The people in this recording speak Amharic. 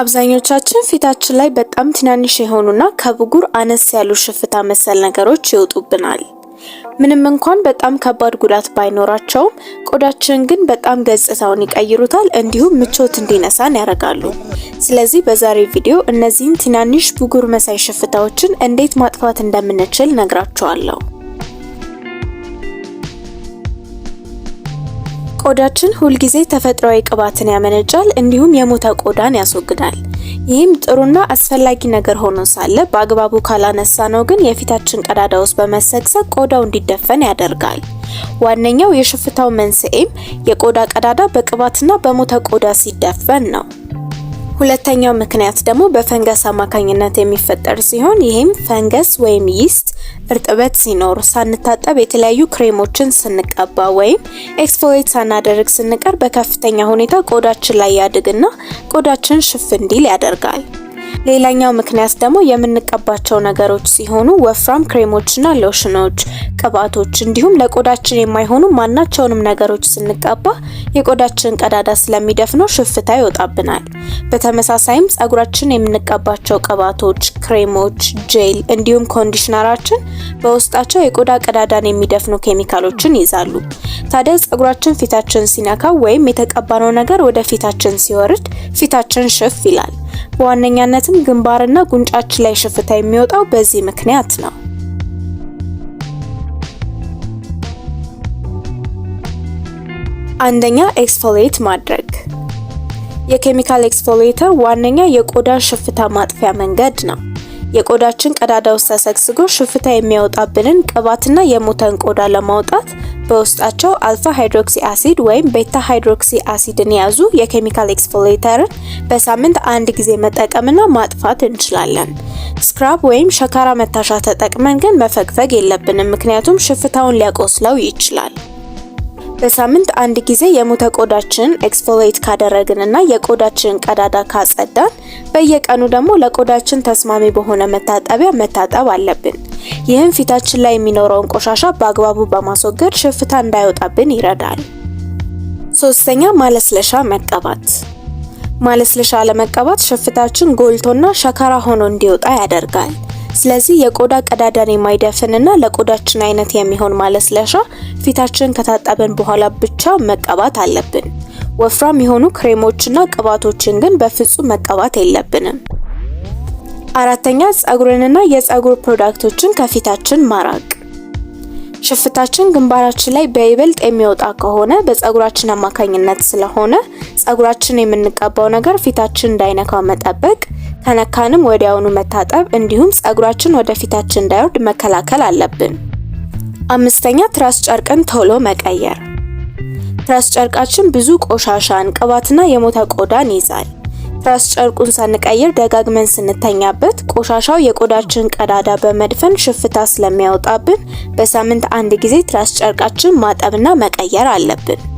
አብዛኞቻችን ፊታችን ላይ በጣም ትናንሽ የሆኑና ከብጉር አነስ ያሉ ሽፍታ መሰል ነገሮች ይወጡብናል። ምንም እንኳን በጣም ከባድ ጉዳት ባይኖራቸውም ቆዳችን ግን በጣም ገጽታውን ይቀይሩታል፣ እንዲሁም ምቾት እንዲነሳን ያደርጋሉ። ስለዚህ በዛሬ ቪዲዮ እነዚህን ትናንሽ ብጉር መሳይ ሽፍታዎችን እንዴት ማጥፋት እንደምንችል ነግራችኋለሁ። ቆዳችን ሁልጊዜ ተፈጥሯዊ ቅባትን ያመነጫል እንዲሁም የሞተ ቆዳን ያስወግዳል። ይህም ጥሩና አስፈላጊ ነገር ሆኖ ሳለ በአግባቡ ካላነሳ ነው ግን የፊታችን ቀዳዳ ውስጥ በመሰግሰግ ቆዳው እንዲደፈን ያደርጋል። ዋነኛው የሽፍታው መንስኤም የቆዳ ቀዳዳ በቅባትና በሞተ ቆዳ ሲደፈን ነው። ሁለተኛው ምክንያት ደግሞ በፈንገስ አማካኝነት የሚፈጠር ሲሆን ይህም ፈንገስ ወይም ይስት እርጥበት ሲኖር ሳንታጠብ የተለያዩ ክሬሞችን ስንቀባ ወይም ኤክስፎሌት ሳናደርግ ስንቀር በከፍተኛ ሁኔታ ቆዳችን ላይ ያድግና ቆዳችን ሽፍ እንዲል ያደርጋል። ሌላኛው ምክንያት ደግሞ የምንቀባቸው ነገሮች ሲሆኑ ወፍራም ክሬሞችና ሎሽኖች፣ ቅባቶች እንዲሁም ለቆዳችን የማይሆኑ ማናቸውንም ነገሮች ስንቀባ የቆዳችን ቀዳዳ ስለሚደፍነው ሽፍታ ይወጣብናል። በተመሳሳይም ጸጉራችን የምንቀባቸው ቅባቶች፣ ክሬሞች፣ ጄል እንዲሁም ኮንዲሽነራችን በውስጣቸው የቆዳ ቀዳዳን የሚደፍኑ ኬሚካሎችን ይይዛሉ። ታዲያ ጸጉራችን ፊታችን ሲነካ ወይም የተቀባነው ነገር ወደ ፊታችን ሲወርድ ፊታችን ሽፍ ይላል። በዋነኛነትም ግንባርና ጉንጫችን ላይ ሽፍታ የሚወጣው በዚህ ምክንያት ነው። አንደኛ ኤክስፎሌት ማድረግ። የኬሚካል ኤክስፎሌተር ዋነኛ የቆዳ ሽፍታ ማጥፊያ መንገድ ነው። የቆዳችን ቀዳዳ ውስጥ ተሰግስጎ ሽፍታ የሚያወጣብንን ቅባትና የሞተን ቆዳ ለማውጣት በውስጣቸው አልፋ ሃይድሮክሲ አሲድ ወይም ቤታ ሃይድሮክሲ አሲድን የያዙ የኬሚካል ኤክስፎሌተርን በሳምንት አንድ ጊዜ መጠቀምና ማጥፋት እንችላለን። ስክራብ ወይም ሸካራ መታሻ ተጠቅመን ግን መፈግፈግ የለብንም፣ ምክንያቱም ሽፍታውን ሊያቆስለው ይችላል። በሳምንት አንድ ጊዜ የሙተ ቆዳችንን ኤክስፎሌት ካደረግንና የቆዳችንን ቀዳዳ ካጸዳን፣ በየቀኑ ደግሞ ለቆዳችን ተስማሚ በሆነ መታጠቢያ መታጠብ አለብን። ይህም ፊታችን ላይ የሚኖረውን ቆሻሻ በአግባቡ በማስወገድ ሽፍታ እንዳይወጣብን ይረዳል። ሶስተኛ ማለስለሻ መቀባት። ማለስለሻ ለመቀባት ሽፍታችን ጎልቶና ሸካራ ሆኖ እንዲወጣ ያደርጋል። ስለዚህ የቆዳ ቀዳዳን የማይደፍንና ለቆዳችን አይነት የሚሆን ማለስለሻ ፊታችንን ከታጠብን በኋላ ብቻ መቀባት አለብን። ወፍራም የሆኑ ክሬሞችና ቅባቶችን ግን በፍጹም መቀባት የለብንም። አራተኛ ጸጉርንና የጸጉር ፕሮዳክቶችን ከፊታችን ማራቅ። ሽፍታችን ግንባራችን ላይ በይበልጥ የሚወጣ ከሆነ በጸጉራችን አማካኝነት ስለሆነ ጸጉራችን የምንቀባው ነገር ፊታችን እንዳይነካው መጠበቅ፣ ከነካንም ወዲያውኑ መታጠብ፣ እንዲሁም ጸጉራችን ወደ ፊታችን እንዳይወርድ መከላከል አለብን። አምስተኛ ትራስ ጨርቅን ቶሎ መቀየር። ትራስ ጨርቃችን ብዙ ቆሻሻን፣ ቅባትና የሞተ ቆዳን ይይዛል። ትራስ ጨርቁን ሳንቀይር ደጋግመን ስንተኛበት ቆሻሻው የቆዳችን ቀዳዳ በመድፈን ሽፍታ ስለሚያወጣብን በሳምንት አንድ ጊዜ ትራስ ጨርቃችን ማጠብና መቀየር አለብን።